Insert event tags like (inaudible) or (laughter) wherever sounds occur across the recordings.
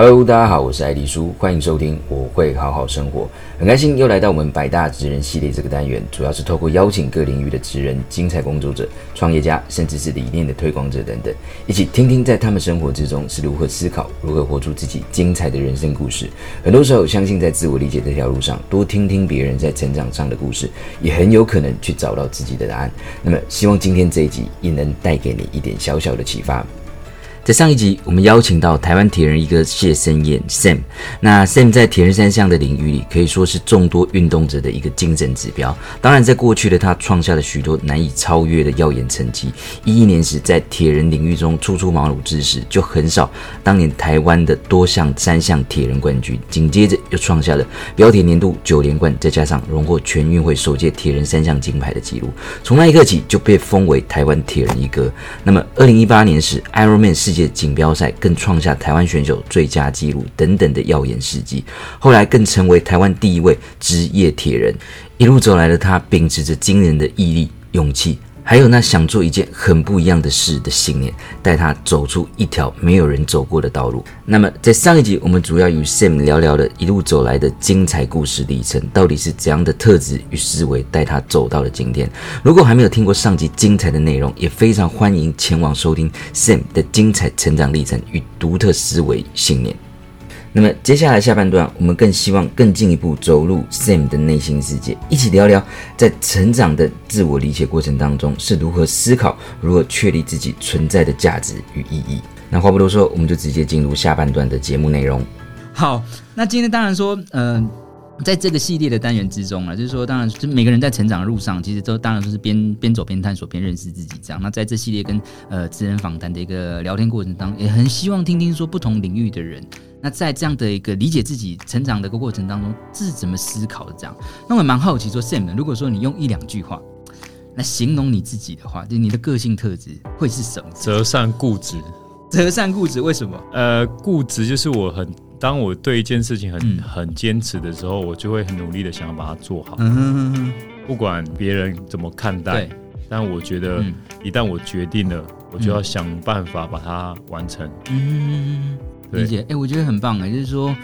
Hello，大家好，我是艾迪蘇，歡迎收聽《我會好好生活》。很開心又來到我們百大職人系列這個單元，主要是透過邀請各領域的職人、精彩工作者、創業家，甚至是理念的推廣者等等，一起聽聽在他們生活之中是如何思考、如何活出自己精彩的人生故事。很多時候，相信在自我理解這條路上，多聽聽別人在成長上的故事，也很有可能去找到自己的答案。那麼，希望今天這一集也能帶給你一點小小的啟發。在上一集，我們邀請到台灣鐵人一哥謝昇諺 Sam。那 Sam 在鐵人三項的領域裡，可以說是眾多運動者的一個精神指標。當然，在過去的他創下了許多難以超越的耀眼成績。一一年時，在鐵人領域中初出茅廬之時，就橫掃當年台灣的多項三項鐵人冠軍。緊接着又創下了標鐵年度九連冠，再加上榮獲全運會首屆鐵人三項金牌的紀錄。從那一刻起，就被封為台灣鐵人一哥。那麼，二零一八年時 Ironman 世界錦標賽更創下台灣選手最佳紀錄等等的耀眼事蹟，後來更成為台灣第一位職業鐵人。一路走來的他，秉持着驚人的毅力、勇氣。還有那想做一件很不一樣的事的信念，帶他走出一條沒有人走過的道路。那麼在上一集，我們主要與 Sam 聊聊了一路走來的精彩故事歷程，到底是怎樣的特質與思維帶他走到了今天。如果還沒有聽過上集精彩的內容，也非常歡迎前往收聽 Sam 的精彩成長歷程與獨特思維信念。那麼接下來下半段，我們更希望更進一步走入 Sam 的內心世界，一起聊聊在成長的自我理解過程當中是如何思考、如何確立自己存在的價值與意義。那話不多說，我們就直接進入下半段的節目內容。好，那今天當然說，嗯、呃，在這個系列的單元之中啊，就是說，當然就每個人在成長的路上，其實都當然說是邊邊走邊探索、邊認識自己這樣。那在這系列跟呃職人訪談的一個聊天過程當中，也很希望聽聽說不同領域的人。那在這樣的一個理解自己成長的過，過程當中，是怎麼思考的？這樣，那我蠻好奇說 Sam 的如果說你用一兩句話來形容你自己的話，就你的個性特質會是什麼？擇善固執，擇善固執。為什麼？呃，固執就是我很當我對一件事情很、嗯、很堅持的時候，我就會很努力的想要把它做好。嗯哼哼，不管別人怎麼看待，但我覺得一旦我決定了，嗯，我就要想辦法把它完成。嗯嗯。理解，哎、欸，我覺得很棒哎、欸、就是說，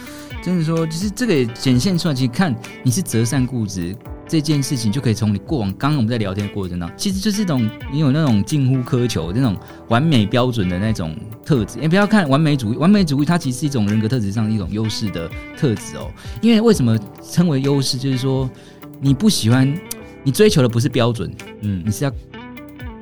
真的說，其、就、實、是、這個也顯現出來，其實看你是擇善固執這件事情，就可以從你過往剛剛我們在聊天的過程當中，其實就是一種你有那種近乎苛求、那種完美標準的那種特質。哎、欸，不要看完美主義，完美主義它其實是一種人格特質上的一種優勢的特質哦。因為為什麼稱為優勢？就是說，你不喜歡，你追求的不是標準，嗯，你是要。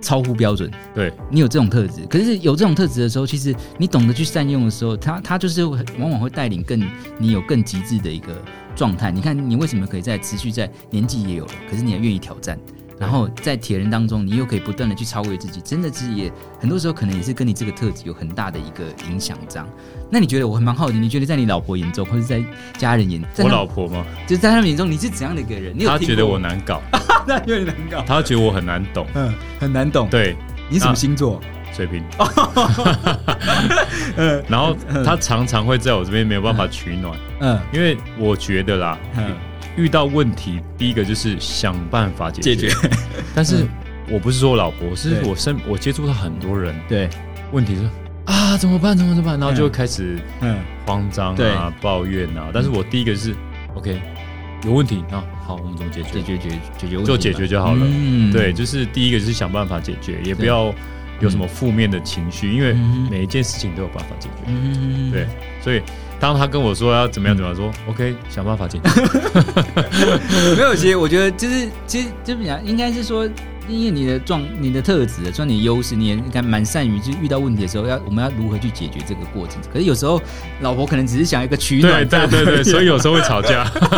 超乎標準，對，你有這種特質，可是有這種特質的時候，其實你懂得去善用的時候，他他就是往往會帶領更你有更極致的一個狀態。你看，你為什麼可以在持續在年紀也有了，可是你還願意挑戰？然後在鐵人當中，你又可以不斷的去超越自己，真的，是也很多時候可能也是跟你這個特質有很大的一個影響。這樣，那你覺得我還蠻好奇，你覺得在你老婆眼中，或者在家人眼中，我老婆嗎？就在他們眼中，你是怎樣的一個人你有？他覺得我難搞。 (laughs) 那有點難搞，他覺得我很難懂，嗯，很難懂。對，你什麼星座？水瓶。 (laughs) 然後他常常會在我這邊沒有辦法取暖，嗯，嗯，因為我覺得啦，嗯、遇到問題第一個就是想辦法解決。解決。但是我不是說我老婆，嗯、是，是我身我接觸到很多人，對，問題、就是啊，怎麼辦？怎麼怎麼辦？然後就開始張、啊、嗯，慌張啊，抱怨啊。但是我第一個、就是 OK。有問題啊？好，我們怎麼解決？解決解決，解決就解決就好了，嗯。對，就是第一個就是想辦法解決，也不要有什麼負面的情緒，嗯，因為每一件事情都有辦法解決。嗯、對，所以當他跟我說要怎麼樣，怎麼樣說，OK，想辦法解決。 (laughs) (laughs) 沒有，其實我覺得就是其實這麼講，應該是說。因為你的狀、你的特質、雖然你的優勢，你也應該蠻善於，就遇到問題的時候，要我們要如何去解決這個過程。可是有時候，老婆可能只是想一個取暖。對對對，對， (laughs) 所以有時候會吵架。不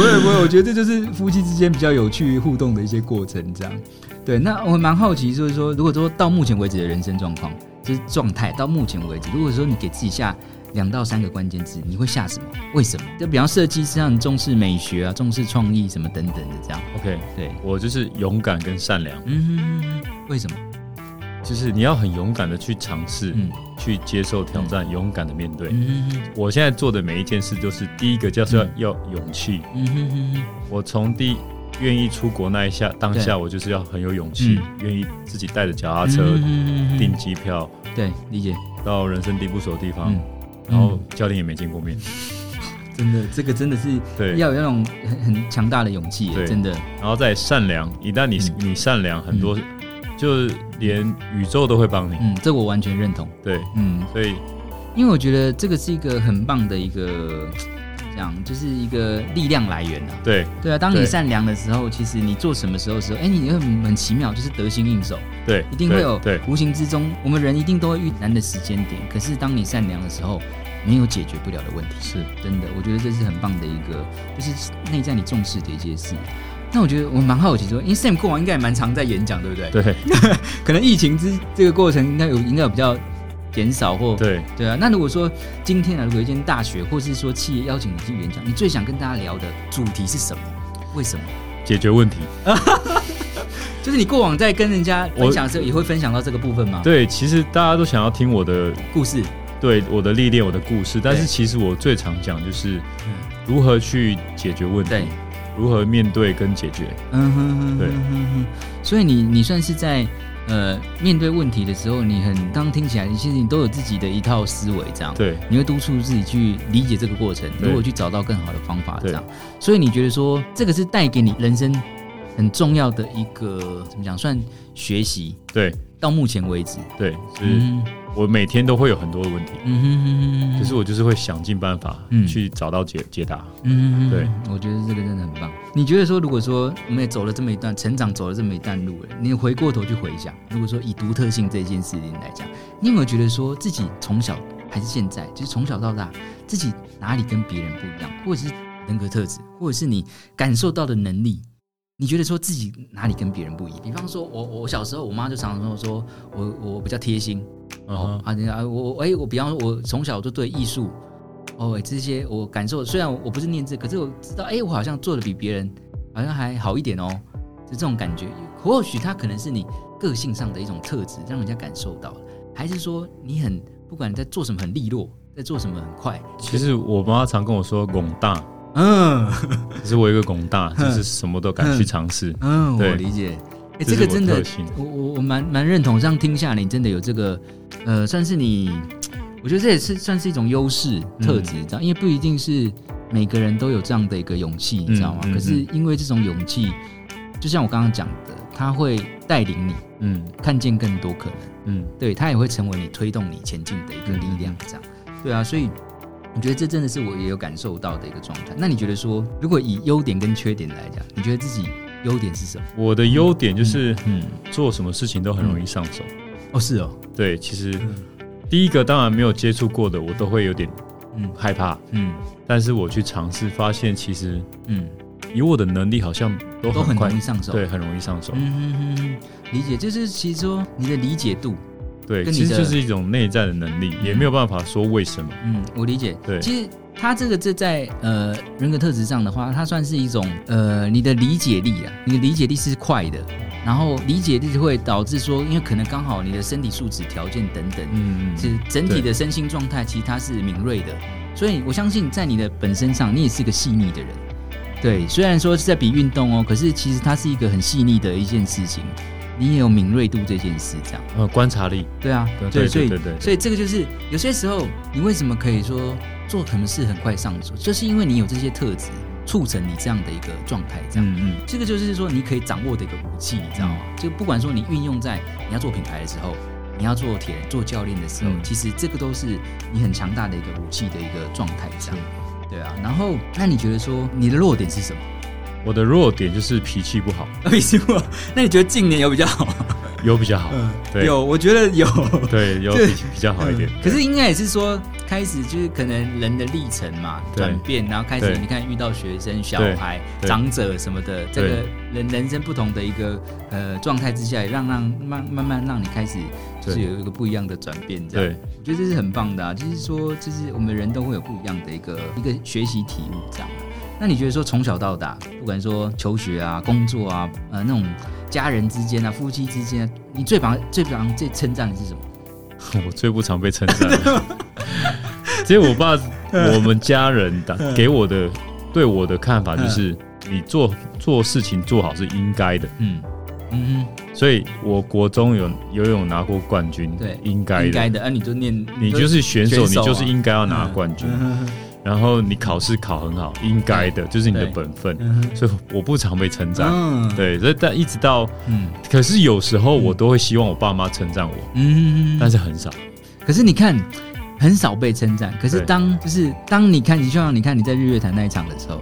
會不會，我覺得這就是夫妻之間比較有趣互動的一些過程，這樣。對，那我蠻好奇，就是說，如果說到目前為止的人生狀況，就是狀態到目前為止，如果說你給自己下兩到三個關鍵字，你會下什麼？為什麼？就比方設計師讓你重視美學啊，重視創意什麼等等的這樣。OK，對，我就是勇敢跟善良。嗯哼哼，為什麼？就是你要很勇敢的去嘗試、嗯，去接受挑戰、嗯，勇敢的面對。嗯哼哼，我現在做的每一件事，就是第一個就是要、嗯、要勇氣。嗯哼哼、哼，我從第一願意出國那一下當下，我就是要很有勇氣，願、嗯、意自己帶着腳踏車訂機、嗯、票，對，理解到人生地不熟的地方。嗯然後教練也沒見過面、嗯，真的，這個真的是對，要有那種很強大的勇氣，真的。然後再善良，一旦你、嗯、你善良，很多、嗯、就連宇宙都會幫你。嗯，這我完全認同。對，嗯，所以因為我覺得這個是一個很棒的一個。這樣就是一個力量來源啊，對對啊，當你善良的時候，其實你做什麼時候的時候，哎，你會很奇妙，就是得心應手。對，一定會有。對，無形之中，我們人一定都會遇難的時間點。可是當你善良的時候，沒有解決不了的問題。是真的，我覺得這是很棒的一個，就是內在你重視的一些事。那我覺得我蠻好奇說，因為 Sam 過往應該也蠻常在演講，對不對？對， (laughs) 可能疫情之這個過程，應該有應該有比較。減少或，對對啊，那如果說今天呢、啊，如果有一間大學或是說企業邀請你去演講，你最想跟大家聊的主題是什麼？為什麼？解決問題。 (laughs) 就是你過往在跟人家分享的時候，也會分享到這個部分嗎？對，其實大家都想要聽我的故事，對我的歷練，我的故事。但是其實我最常講就是如何去解決問題，如何面對跟解決。嗯哼、哼、哼、哼，對。所以你你算是在。呃，面對問題的時候，你很，剛剛聽起來，其實你都有自己的一套思維，這樣對。你會督促自己去理解這個過程，如果去找到更好的方法，這樣。所以你覺得說，這個是帶給你人生很重要的一個怎麼講？算學習對。到目前為止，對，就是我每天都會有很多的問題，可、嗯、就是我就是會想盡辦法去找到解、嗯、哼哼哼哼哼哼解答，嗯對，我覺得這個真的很棒。你覺得說，如果說我們也走了這麼一段成長，走了這麼一段路了，你回過頭去回想，如果說以獨特性這件事情來講，你有沒有覺得說自己從小還是現在，就是從小到大自己哪裡跟別人不一樣，或者是人格特質，或者是你感受到的能力？你覺得說自己哪裡跟別人不一樣？比方說我，我我小時候，我媽就常常說我，說我我比較貼心、uh -huh. 哦。啊，我哎、欸，我比方說，我從小就對藝術哦、欸、這些，我感受雖然我，我不是念字，可是我知道，哎、欸，我好像做的比別人好像還好一點哦，就這種感覺。或許他可能是你個性上的一種特質，讓人家感受到，還是說你很不管在做什麼很利落，在做什麼很快？其實，其實我媽常跟我說，廣大。嗯，可 (laughs) 是我一個廣大，就是什麼都敢去嘗試，嗯嗯嗯嗯。嗯，我理解。哎、欸，這個真的，我我我蠻蠻認同。這樣聽下，你真的有這個，呃，算是你，我覺得這也是算是一種優勢、嗯、特質，你知道？因為不一定是每個人都有這樣的一個勇氣，你知道嗎、嗯嗯嗯？可是因為這種勇氣，就像我剛剛講的，它會帶領你，嗯，看見更多可能。嗯，嗯對，它也會成為你推動你前進的一個力量，這樣、嗯。對啊，所以。嗯我覺得這真的是我也有感受到的一個狀態。那你覺得說，如果以優點跟缺點來講，你覺得自己優點是什麼？我的優點就是，嗯嗯，嗯，做什麼事情都很容易上手。嗯。哦，是哦，對。其實第一個當然沒有接觸過的，我都會有點，嗯，害怕，嗯，嗯。但是我去嘗試，發現其實，嗯，以我的能力好像都都很容易上手，對，很容易上手。嗯，嗯，嗯，理解，就是其實說你的理解度。對，其實就是一種內在的能力，嗯，也沒有辦法說為什麼。嗯，我理解。對，其實他這個這在呃人格特質上的話，他算是一種呃你的理解力啊，你的理解力是快的，然後理解力就會導致說，因為可能剛好你的身體素質條件等等，嗯是，嗯嗯、整體的身心狀態其實它是敏銳的，所以我相信在你的本身上，你也是一個細膩的人。對，雖然說是在比運動哦，喔，可是其實它是一個很細膩的一件事情。你也有敏銳度這件事，這樣，呃、嗯，觀察力，對啊，對，對對、對。對對對對，所以這個就是有些時候你為什麼可以說做什麼事很快上手，就是因為你有這些特質促成你這樣的一個狀態，這樣，嗯嗯，這個就是說你可以掌握的一個武器，你知道嗎？嗯、就不管說你運用在你要做品牌的時候，你要做鐵人做教練的時候、嗯，其實這個都是你很強大的一個武器的一個狀態，這樣、嗯，對啊。然後，那你覺得說你的弱點是什麼？我的弱點就是脾氣不好，哦、脾氣不好。那你覺得近年有比較好嗎？ (laughs) 有比較好、嗯，對，有，我覺得有，對，有比比較好一點。嗯、可是應該也是說，開始就是可能人的歷程嘛，轉變，然後開始你看遇到學生、小孩、長者什麼的，這個人人生不同的一個呃狀態之下，也讓讓慢慢慢讓你開始就是有一個不一樣的轉變，這樣。我覺得這是很棒的，啊，就是說，就是我們人都會有不一樣的一個一個學習體悟，這樣。那你覺得說，從小到大，不管說求學啊、工作啊、呃那種家人之間啊、夫妻之間啊，你最常最常最稱讚的是什麼？ (laughs) 我最不常被稱讚的。其 (laughs) 實 (laughs) 我爸，我們家人打給我的、對我的看法就是， (laughs) 你做做事情做好是應該的。嗯嗯嗯。所以我國中有游泳拿過冠軍，對，應該的，應該的，啊，你就念你就，你就是選手，你就是應該要拿冠軍。嗯嗯然後你考試考很好，嗯、應該的，就是你的本分，所以我不常被稱讚。對，所以但一直到，嗯……可是有時候我都會希望我爸媽稱讚我，嗯，但是很少。可是你看，很少被稱讚。可是當就是當你看，你就像你看你在日月潭那一場的時候，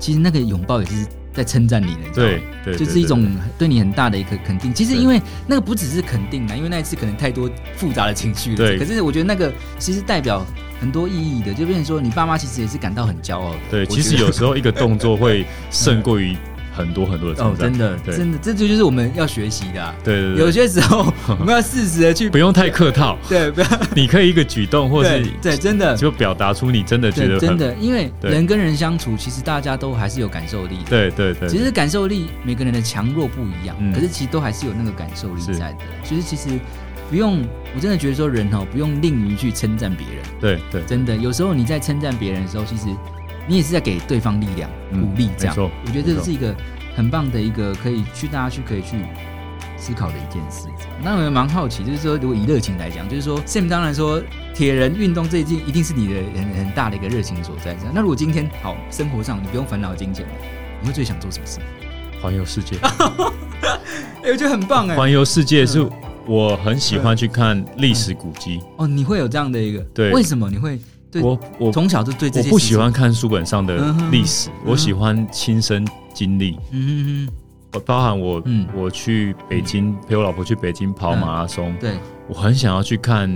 其實那個擁抱也是在稱讚你的，你知道嗎？對、對、對、對，就是一種對你很大的一個肯定。其實因為那個不只是肯定啊，因為那一次可能太多複雜的情緒了。對，可是我覺得那個其實代表，很多意義的，就變成說，你爸媽其實也是感到很驕傲的。對，其實有時候一個動作會勝過於很多很多的。哦，真的，真的，這就就是我們要學習的、啊。對對、對有些時候我們要適時的去呵呵，不用太客套。對，不要。你可以一個舉動，或是對、對，真的就表達出你真的覺得真的，因為人跟人相處，其實大家都還是有感受力的。對對對。其實感受力，每個人的強弱不一樣、嗯，可是其實都還是有那個感受力在的。其實其實。不用，我真的覺得說人哈、喔、不用吝於去稱讚別人。對對，真的有時候你在稱讚別人的時候，其實你也是在給對方力量、鼓勵。這樣、嗯，我覺得這是一個很棒的一個可以去大家去可以去思考的一件事。那我也蠻好奇，就是說如果以熱情來講，就是說 Sam 當然說鐵人運動這一件一定是你的很很大的一個熱情所在。那如果今天好生活上你不用煩惱金錢了，你會最想做什麼事？環遊世界。哎、 (laughs) 欸，我覺得很棒哎、欸，環遊世界是、嗯。我很喜歡去看歷史古蹟、嗯、哦，你會有這樣的一個對？為什麼你會對？我我從小就對這些。我不喜歡看書本上的歷史、嗯，我喜歡親身經歷。嗯，我包含我、嗯，我去北京、嗯、陪我老婆去北京跑馬拉松，嗯、對我很想要去看，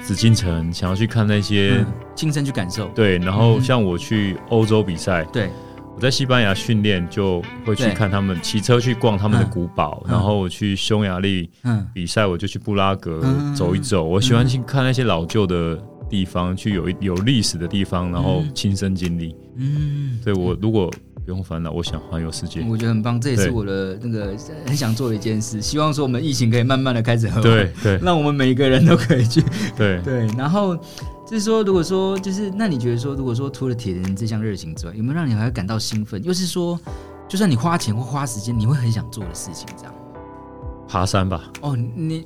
紫禁城、嗯，想要去看那些、嗯、親身去感受。對，然後像我去歐洲比賽、嗯，對。在西班牙訓練，就會去看他們騎車，去逛他們的古堡，嗯嗯、然後我去匈牙利比賽，我就去布拉格走一走。嗯、我喜歡去看那些老舊的地方，嗯、去有有歷史的地方，然後親身經歷。嗯，對、嗯、我如果不用煩惱，我想環遊世界，我覺得很棒。這也是我的那個很想做的一件事。希望說我們疫情可以慢慢的開始，對對，讓我們每一個人都可以去對對，然後。就是說，如果說，就是那你覺得說，如果說除了鐵人這項熱情之外，有沒有讓你還感到興奮？又是說，就算你花錢或花時間，你會很想做的事情，這樣？爬山吧。哦，你。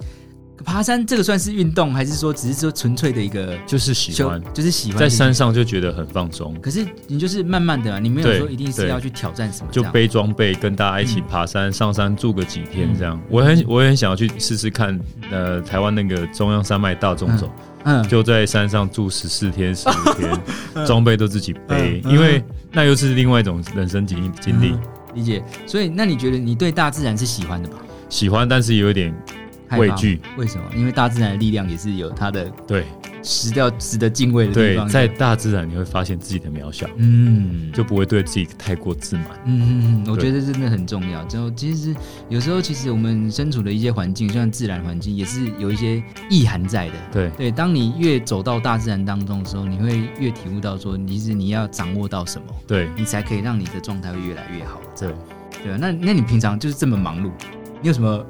爬山這個算是運動，還是說只是說純粹的一個就是喜歡，就是喜歡在山上就覺得很放鬆。可是你就是慢慢的，你沒有說一定是要去挑戰什麼，就背裝備跟大家一起爬山，嗯，上山住個幾天這樣。嗯、我很我也很想要去試試看，呃，台灣那個中央山脈大縱走，嗯，嗯，就在山上住十四天十五天，裝 (laughs) 備都自己背，嗯嗯，因為那又是另外一種人生經經歷、嗯、理解。所以那你覺得你對大自然是喜歡的吧？喜歡，但是有一點。畏懼？為什麼？因為大自然的力量也是有它的對，值得值得敬畏的地方。在大自然，你會發現自己的渺小，嗯，就不會對自己太過自滿。嗯，我覺得真的很重要。然後，其實有時候，其實我們身處的一些環境，像自然環境，也是有一些意涵在的。對對，當你越走到大自然當中的時候，你會越體悟到說，其實你要掌握到什麼，對你才可以讓你的狀態會越來越好。對對啊，那那你平常就是這麼忙碌，你有什麼？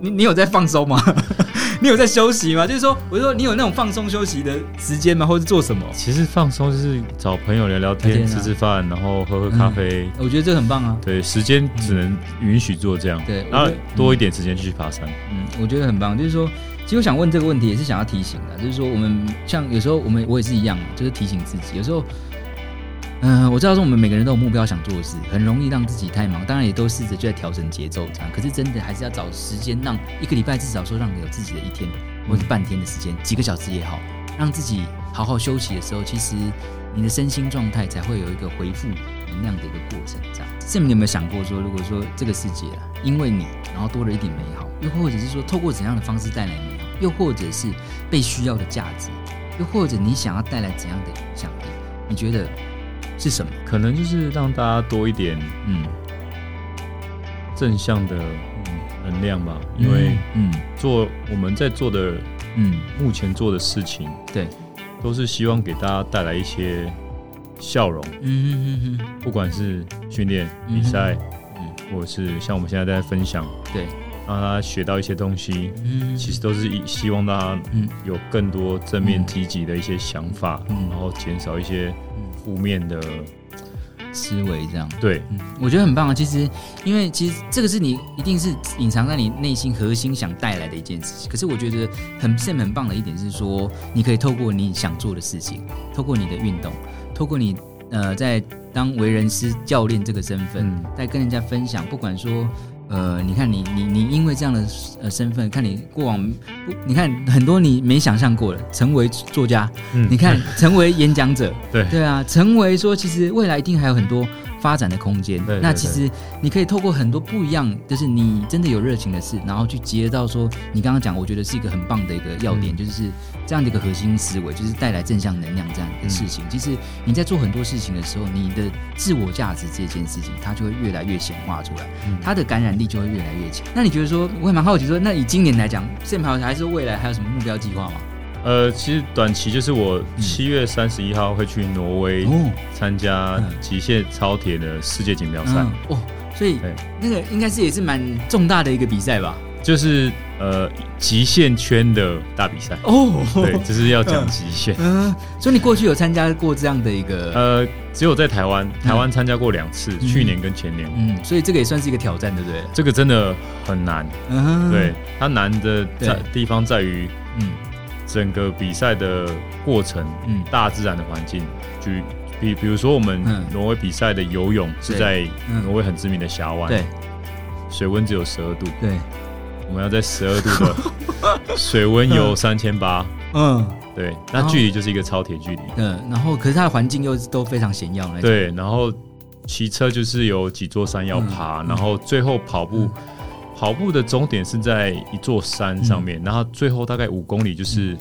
你你有在放鬆嗎？ (laughs) 你有在休息嗎？ (laughs) 就是說，我就說你有那種放鬆休息的時間嗎？或者做什麼？其實放鬆就是找朋友聊聊天，天啊、吃吃飯，然後喝喝咖啡、嗯。我覺得這很棒啊！對，時間只能允許做這樣。嗯、對，然後多一點時間去爬山，嗯。嗯，我覺得很棒。就是說，其實我想問這個問題，也是想要提醒的，就是說，我們像有時候我們我也是一樣，就是提醒自己，有時候。嗯，我知道說我們每個人都有目標想做的事，很容易讓自己太忙，當然也都試着就在調整節奏這樣。可是真的還是要找時間，讓一個禮拜至少說讓你有自己的一天或者半天的時間，幾個小時也好，讓自己好好休息的時候，其實你的身心狀態才會有一個恢復能量的一個過程這樣。昇諺你有沒有想過說，如果說這個世界啊，因為你，然後多了一點美好，又或者是說透過怎樣的方式帶來美好，又或者是被需要的價值，又或者你想要帶來怎樣的影響力？你覺得？是什麼？可能就是讓大家多一點嗯正向的能量吧，因為嗯，嗯做我們在做的嗯目前做的事情，對，都是希望給大家帶來一些笑容，嗯嗯嗯嗯，不管是訓練，嗯，比賽，嗯，嗯，或者是像我們現在在分享，對，讓大家學到一些東西，嗯，其實都是以希望大家嗯有更多正面積極的一些想法，嗯嗯，然後減少一些。負面的思維，這樣對、嗯，我覺得很棒啊！其實，因為其實這個是你一定是隱藏在你內心核心想帶來的一件事情。可是我覺得很現很棒的一點是說，說你可以透過你想做的事情，透過你的運動，透過你呃在當為人師教練這個身份，在、嗯、跟人家分享，不管說，呃，你看你你你因為這樣的呃身份，看你過往，不，你看很多你沒想象過的，成為作家，嗯、你看、嗯、成為演講者，對對啊，成為說其實未來一定還有很多。發展的空間，那其實你可以透過很多不一樣，就是你真的有熱情的事，然後去結合到說，你剛剛講，我覺得是一個很棒的一個要點，嗯、就是這樣的一個核心思維，就是帶來正向能量這樣的事情、嗯。其實你在做很多事情的時候，你的自我價值這件事情，它就會越來越顯化出來，它的感染力就會越來越強、嗯。那你覺得說，我也蠻好奇說，那以今年來講，現在還是說未來，還有什麼目標計劃嗎？呃，其實短期就是我七月三十一號會去挪威參加極限超鐵的世界錦標賽、嗯嗯嗯、哦，所以那個應該是也是蠻重大的一個比賽吧？就是呃極限圈的大比賽哦，對，就是要講極限。嗯，所以你過去有參加過這樣的一個？呃、嗯嗯，只有在台灣，台灣參加過兩次，去年跟前年。嗯，所以這個也算是一個挑戰，對不對？這個真的很難，對它難的在地方在於嗯。整個比賽的過程，嗯，大自然的環境，就、嗯、比比如說我們挪威比賽的游泳是在挪威很知名的峽灣、嗯嗯，對，水溫只有十二度，對，我們要在十二度的水溫游三千八，嗯，對，那距離就是一個超鐵距離，嗯然，然後可是它的環境又都非常險要，對，然後騎車就是有幾座山要爬，嗯嗯、然後最後跑步、嗯。跑步的終點是在一座山上面，嗯、然後最後大概五公里就是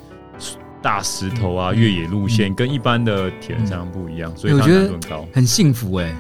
大石頭啊、嗯、越野路線，嗯嗯、跟一般的鐵人三項不一樣，嗯、所以我覺得很高，很幸福哎、欸，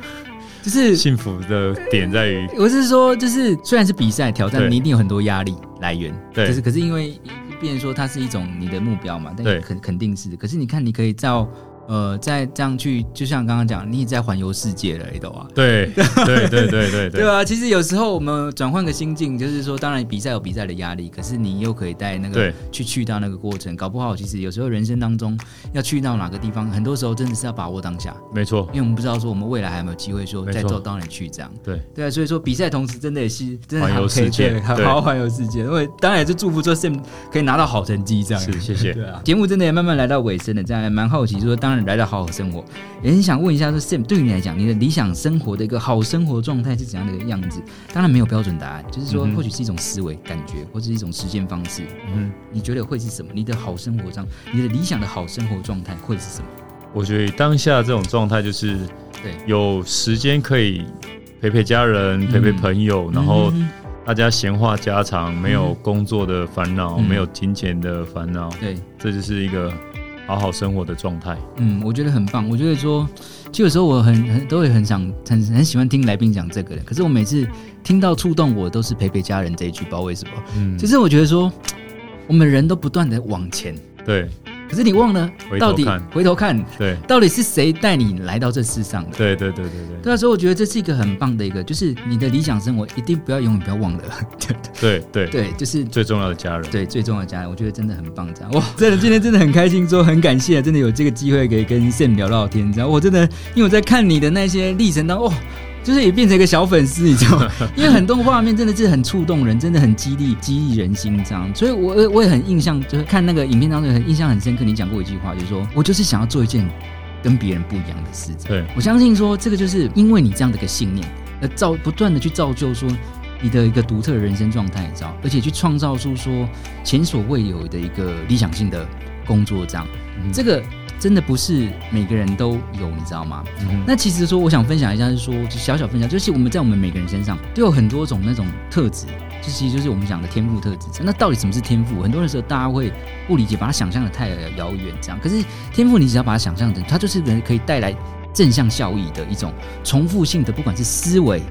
就是幸福的點在於，我是說，就是雖然是比賽挑戰，你一定有很多壓力來源，對，可、就是可是因為變成說它是一種你的目標嘛，對，肯肯定是，可是你看你可以照。呃，在這樣去，就像剛剛講，你也在環遊世界了，你都啊？對，對，對，對，對，對，對， (laughs) 對啊！其實有時候我們轉換個心境，就是說，當然比賽有比賽的壓力，可是你又可以帶那個去去到那個過程，搞不好其實有時候人生當中要去到哪個地方，很多時候真的是要把握當下。沒錯，因為我們不知道說我們未來還有沒有機會說再走到哪裡去這樣。對，對啊，所以說比賽同時真的也是真的可以去好好環遊世界，因為當然也是祝福說 Sam 可以拿到好成績這樣。是，謝謝。對啊，節目真的也慢慢來到尾聲了，這樣也蠻好奇說、嗯、當然。來到好好生活，也很想問一下，說 Sam，對於你來講，你的理想生活的一個好生活狀態是怎樣的一個樣子？當然沒有標準答案，就是說，或許是一種思維、感覺，或是一種實踐方式。嗯，你覺得會是什麼？你的好生活狀，你的理想的好生活狀態會是什麼？我覺得當下這種狀態就是，對，有時間可以陪陪家人、嗯、陪陪朋友、嗯，然後大家閒話家常，嗯、沒有工作的煩惱、嗯，沒有金錢的煩惱，對、嗯，這就是一個。好好生活的狀態，嗯，我覺得很棒。我覺得說，就有時候我很很都會很想很很喜歡聽來賓講這個的。可是我每次聽到觸動我，都是陪陪家人這一句，不知道為什麼。嗯，其實我覺得說，我們人都不斷的往前。對。可是你忘了，到底回頭看，對，到底是誰帶你來到這世上的？對對對對對。所以我覺得這是一個很棒的一個，就是你的理想生活一定不要永遠不要忘了。對對對，就是最重要的家人，對，最重要的家人，我覺得真的很棒，這樣。哇、哦，真的今天真的很開心說，說很感謝，真的有這個機會可以跟 Sam 聊聊天。你知道，我真的因為我在看你的那些歷程當，哦。就是也變成一個小粉絲，你知道嗎？ (laughs) 因為很多畫面真的是很觸動人，真的很激勵激勵人心，這樣。所以我我也很印象，就是看那個影片當中很印象很深刻。你講過一句話，就是說我就是想要做一件跟別人不一樣的事情。對，我相信說這個就是因為你這樣的一個信念，呃，造不斷的去造就說你的一個獨特的人生狀態，你知道，而且去創造出說前所未有的一個理想性的工作，這樣。嗯。這個。真的不是每個人都有，你知道嗎？嗯、那其實說，我想分享一下，就是說就小小分享，就是我們在我們每個人身上都有很多種那種特質，這其實就是我們講的天賦特質。那到底什麼是天賦？很多的時候大家會不理解，把它想象的太遙遠，這樣。可是天賦，你只要把它想象成，它就是人可以帶來正向效益的一種重複性的，不管是思維，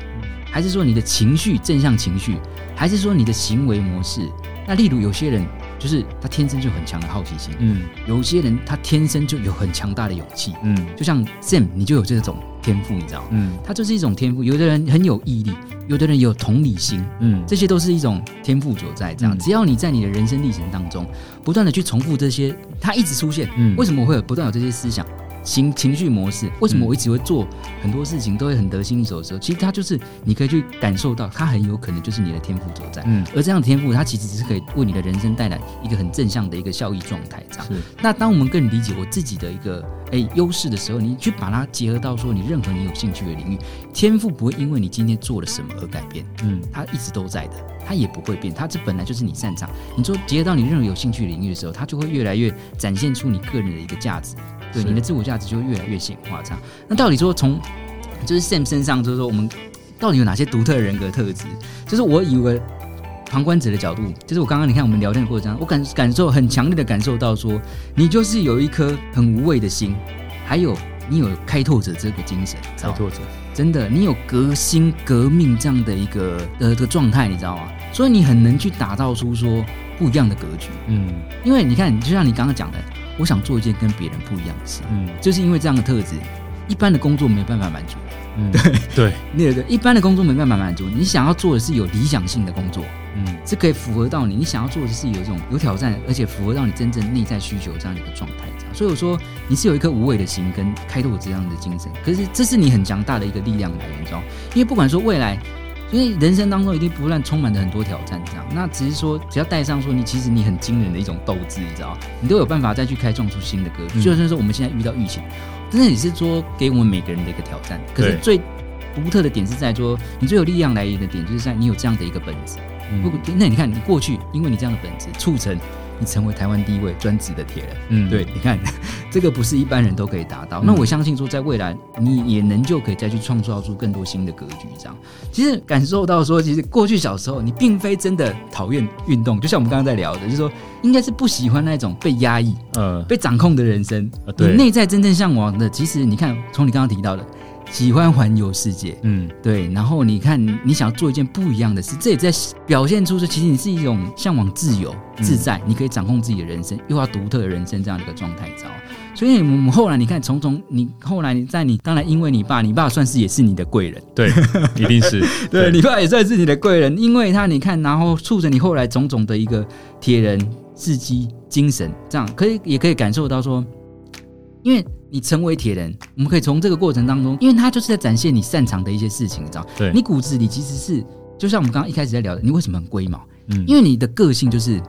還是說你的情緒正向情緒，還是說你的行為模式。那例如有些人。就是他天生就很強的好奇心，嗯，有些人他天生就有很強大的勇氣，嗯，就像 Sam 你就有這種天賦，你知道，嗯，他就是一種天賦。有的人很有毅力，有的人有同理心，嗯，這些都是一種天賦所在。這樣、嗯，只要你在你的人生歷程當中不斷的去重複這些，他一直出現，嗯，為什麼我會有不斷有這些思想？情情緒模式，為什麼我一直會做很多事情，嗯、都會很得心應手的時候，其實它就是你可以去感受到，它很有可能就是你的天賦所在。嗯，而這樣的天賦，它其實只是可以為你的人生帶來一個很正向的一個效益狀態。這樣是。那當我們更理解我自己的一個誒優勢的時候，你去把它結合到說你任何你有興趣的領域，天賦不會因為你今天做了什麼而改變。嗯，它一直都在的，它也不會變。它這本來就是你擅長。你說結合到你任何有興趣的領域的時候，它就會越來越展現出你個人的一個價值。對，你的自我價值就越來越顯化。這樣，那到底說，從就是 Sam 身上，就是說我們到底有哪些獨特的人格特質？就是我以為旁觀者的角度，就是我剛剛你看我們聊天的過程，我感感受很強烈的感受到說，你就是有一顆很無畏的心，還有你有開拓者這個精神，開拓者真的，你有革新革命這樣的一個呃一個狀態，你知道嗎？所以你很能去打造出說不一樣的格局。嗯，因為你看，就像你剛剛講的。我想做一件跟別人不一樣的事，嗯，就是因為這樣的特質，一般的工作沒辦法滿足，嗯，對對，那個一般的工作沒辦法滿足，你想要做的是有理想性的工作，嗯，是可以符合到你，你想要做的是有一種有挑戰，而且符合到你真正內在需求這樣的一個狀態。所以我說你是有一顆無畏的心跟開拓這樣的精神，可是這是你很強大的一個力量來源，你知道，因為不管說未來。因為人生當中一定不斷充滿着很多挑戰，這樣。那只是說，只要帶上說你其實你很驚人的一種鬥志，你知道，你都有辦法再去開創出新的歌。就算是說我們現在遇到疫情，真的也是說給我們每個人的一個挑戰。可是最獨特的點是在說，你最有力量來源的點就是在你有這樣的一個本質。那你看，你過去因為你這樣的本質促成。你成為台灣第一位專職的鐵人，嗯，對，你看，這個不是一般人都可以達到。那我相信說，在未來你也能就可以再去創造出更多新的格局，這樣。其實感受到說，其實過去小時候你並非真的討厭運動，就像我們剛剛在聊的，就是說應該是不喜歡那種被壓抑、嗯、呃，被掌控的人生。呃、對，你內在真正向往的，其實你看，從你剛剛提到的。喜歡環遊世界，嗯，對。然後你看，你想要做一件不一樣的事，這也在表現出這其實你是一種向往自由自在、嗯，你可以掌控自己的人生，又要獨特的人生這樣的一個狀態，知道嗎？所以我們後來你看，種種，你後來你在你，當然因為你爸，你爸算是也是你的貴人，對，一定是，對，對你爸也算是你的貴人，因為他你看，然後促成你後來種種的一個鐵人自己精神，這樣可以也可以感受到說，因為。你成為鐵人，我們可以從這個過程當中，因為他就是在展現你擅長的一些事情，你知道？對，你骨子裡其實是，就像我們剛剛一開始在聊的，你為什麼很龜毛？嗯，因為你的個性就是。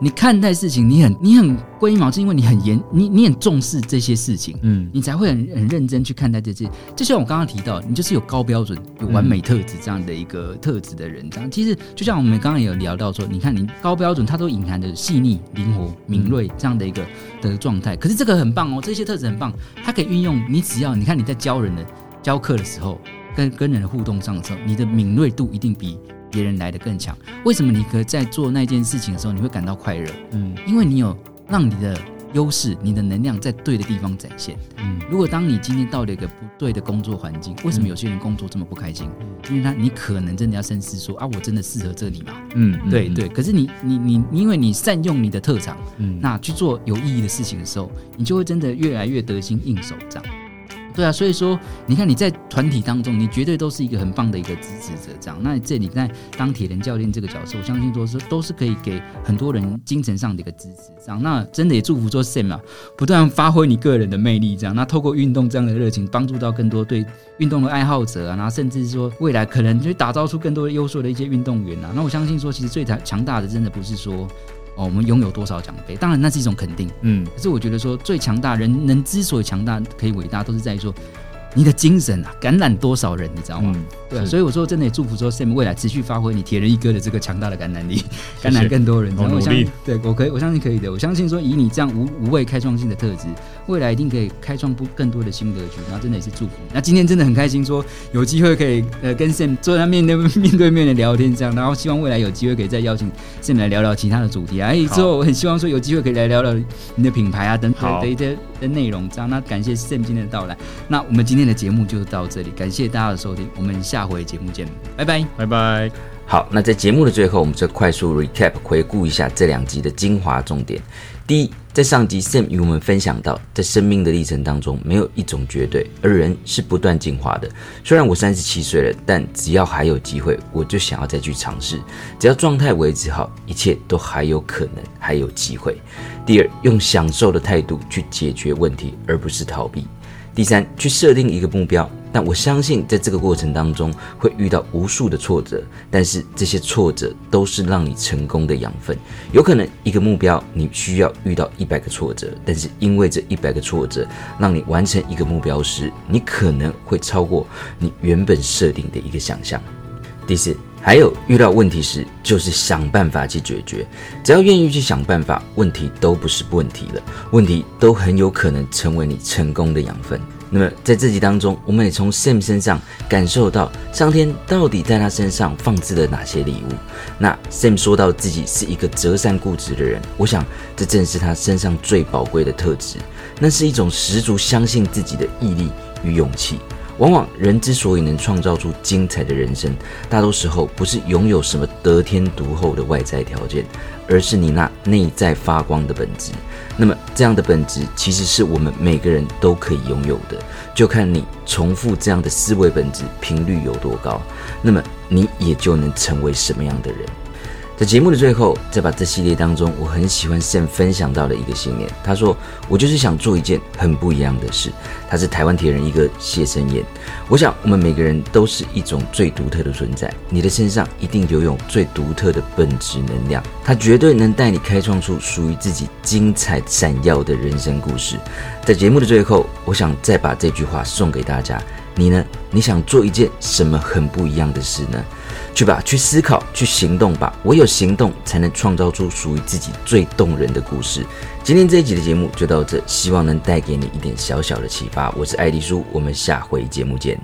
你看待事情,你很，你很龜毛，是因為你很嚴，你你很重視這些事情，嗯，你才會很很認真去看待這些。就像我剛剛提到，你就是有高標準、有完美特質這樣的一個特質的人。這樣、嗯、其實就像我們剛剛也有聊到說，你看你高標準，它都隱含着細膩、靈活、嗯、敏銳這樣的一個的狀態。可是這個很棒哦，這些特質很棒，它可以運用。你只要你看你在教人的、教課的時候。跟跟人的互動上的時候，你的敏銳度一定比別人來得更強。為什麼你可以在做那件事情的時候，你會感到快樂？嗯，因為你有讓你的優勢、你的能量在對的地方展現。嗯，如果當你今天到了一個不對的工作環境，為什麼有些人工作這麼不開心？嗯、因為他你可能真的要深思說啊，我真的適合這裡嗎？嗯，嗯對,對對。可是你你你，你你因為你善用你的特長，嗯，那去做有意義的事情的時候，你就會真的越來越得心應手，這樣。對啊，所以說，你看你在團體當中，你絕對都是一個很棒的一個支持者，這樣。那這你在當鐵人教練這個角色，我相信說，是都是可以給很多人精神上的一個支持，這樣。那真的也祝福說 Sam 啊，不斷發揮你個人的魅力，這樣。那透過運動這樣的熱情，幫助到更多對運動的愛好者啊，然後甚至是說未來可能就打造出更多優秀的一些運動員啊。那我相信說，其實最強強大的真的不是說。哦，我們擁有多少獎盃？當然，那是一種肯定。嗯，可是我覺得說最，最強大人能之所以強大，可以偉大，都是在於說。你的精神啊，感染多少人，你知道嗎？嗯、對、啊，所以我說真的也祝福說，Sam 未來持續發揮你鐵人一哥的這個強大的感染力，感染更多人，然後我相信，對我可以，我相信可以的，我相信說以你這樣無無畏開創性的特質，未來一定可以開創不更多的新格局。然後，真的也是祝福。那今天真的很開心，說有機會可以呃跟 Sam 坐在面對面面對面的聊天這樣，然後希望未來有機會可以再邀請 Sam 來聊聊其他的主題啊。欸、之後我很希望說有機會可以來聊聊你的品牌啊等等的一些。內容這樣，那感謝 Sam 今天的到來。那我們今天的節目就到這裡，感謝大家的收聽，我們下回節目見，拜拜拜拜。好，那在節目的最後，我們就快速 recap 回顧一下這兩集的精華重點。第一，在上集 Sam 與我們分享到，在生命的歷程當中，沒有一種絕對，而人是不斷進化的。雖然我37歲了，但只要還有機會，我就想要再去嘗試。只要狀態維持好，一切都還有可能，還有機會。第二，用享受的態度去解決問題，而不是逃避。第三，去設定一個目標，但我相信在這個過程當中會遇到無數的挫折，但是這些挫折都是讓你成功的養分。有可能一個目標你需要遇到一百個挫折，但是因為這一百個挫折讓你完成一個目標時，你可能會超過你原本設定的一個想象。第四。還有遇到問題時，就是想辦法去解決。只要願意去想辦法，問題都不是問題了。問題都很有可能成為你成功的養分。那麼在這集當中，我們也從 Sam 身上感受到上天到底在他身上放置了哪些禮物。那 Sam 說到自己是一個擇善固執的人，我想這正是他身上最寶貴的特質。那是一種十足相信自己的毅力與勇氣。往往人之所以能創造出精彩的人生，大多時候不是擁有什麼得天獨厚的外在條件，而是你那內在發光的本質。那麼，這樣的本質其實是我們每個人都可以擁有的，就看你重複這樣的思維本質頻率有多高，那麼你也就能成為什麼樣的人。在節目的最後，再把這系列當中我很喜歡 Sam 分享到的一個信念。他說：“我就是想做一件很不一樣的事。”他是台灣鐵人一哥謝昇諺。我想我們每個人都是一種最獨特的存在，你的身上一定擁有，有最獨特的本質能量，它絕對能帶你開創出屬於自己精彩閃耀的人生故事。在節目的最後，我想再把這句話送給大家。你呢？你想做一件什麼很不一樣的事呢？去吧，去思考，去行動吧。唯有行動，才能創造出屬於自己最動人的故事。今天這一集的節目就到這，希望能帶給你一點小小的啟發。我是艾迪蘇，我們下回節目見。